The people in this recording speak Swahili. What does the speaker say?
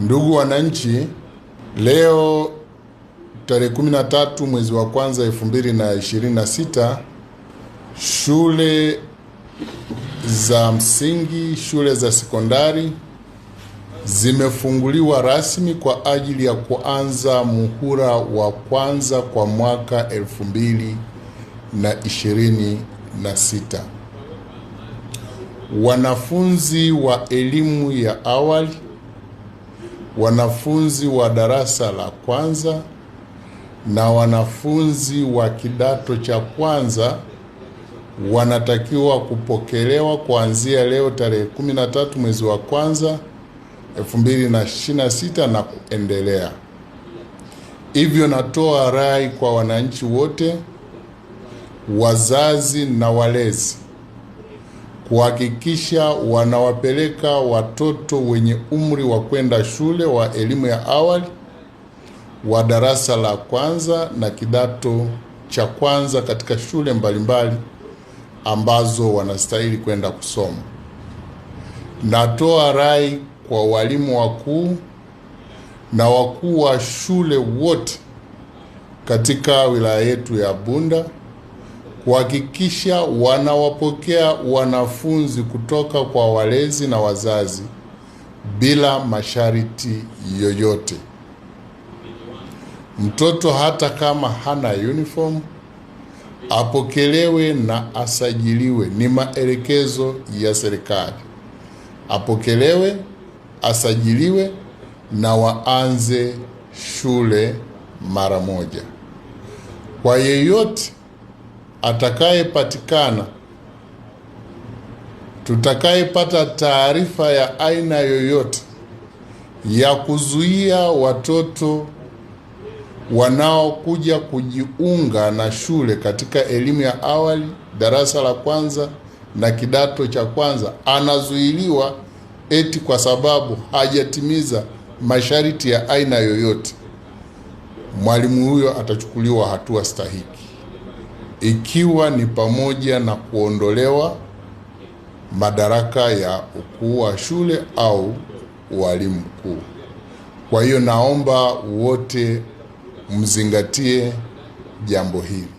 Ndugu wananchi, leo tarehe 13 mwezi wa kwanza 2026, shule za msingi, shule za sekondari zimefunguliwa rasmi kwa ajili ya kuanza muhula wa kwanza kwa mwaka 2026. Wanafunzi wa elimu ya awali wanafunzi wa darasa la kwanza na wanafunzi wa kidato cha kwanza wanatakiwa kupokelewa kuanzia leo tarehe 13 mwezi wa kwanza 2026 na kuendelea. Hivyo natoa rai kwa wananchi wote, wazazi na walezi kuhakikisha wanawapeleka watoto wenye umri wa kwenda shule wa elimu ya awali wa darasa la kwanza na kidato cha kwanza katika shule mbalimbali mbali ambazo wanastahili kwenda kusoma. Natoa rai kwa walimu wakuu na wakuu wa shule wote katika wilaya yetu ya Bunda kuhakikisha wanawapokea wanafunzi kutoka kwa walezi na wazazi bila masharti yoyote. Mtoto hata kama hana uniform apokelewe na asajiliwe, ni maelekezo ya serikali. Apokelewe, asajiliwe na waanze shule mara moja. Kwa yeyote atakayepatikana tutakayepata taarifa ya aina yoyote ya kuzuia watoto wanaokuja kujiunga na shule katika elimu ya awali, darasa la kwanza na kidato cha kwanza, anazuiliwa eti kwa sababu hajatimiza masharti ya aina yoyote, mwalimu huyo atachukuliwa hatua stahiki ikiwa ni pamoja na kuondolewa madaraka ya ukuu wa shule au walimu mkuu. Kwa hiyo naomba wote mzingatie jambo hili.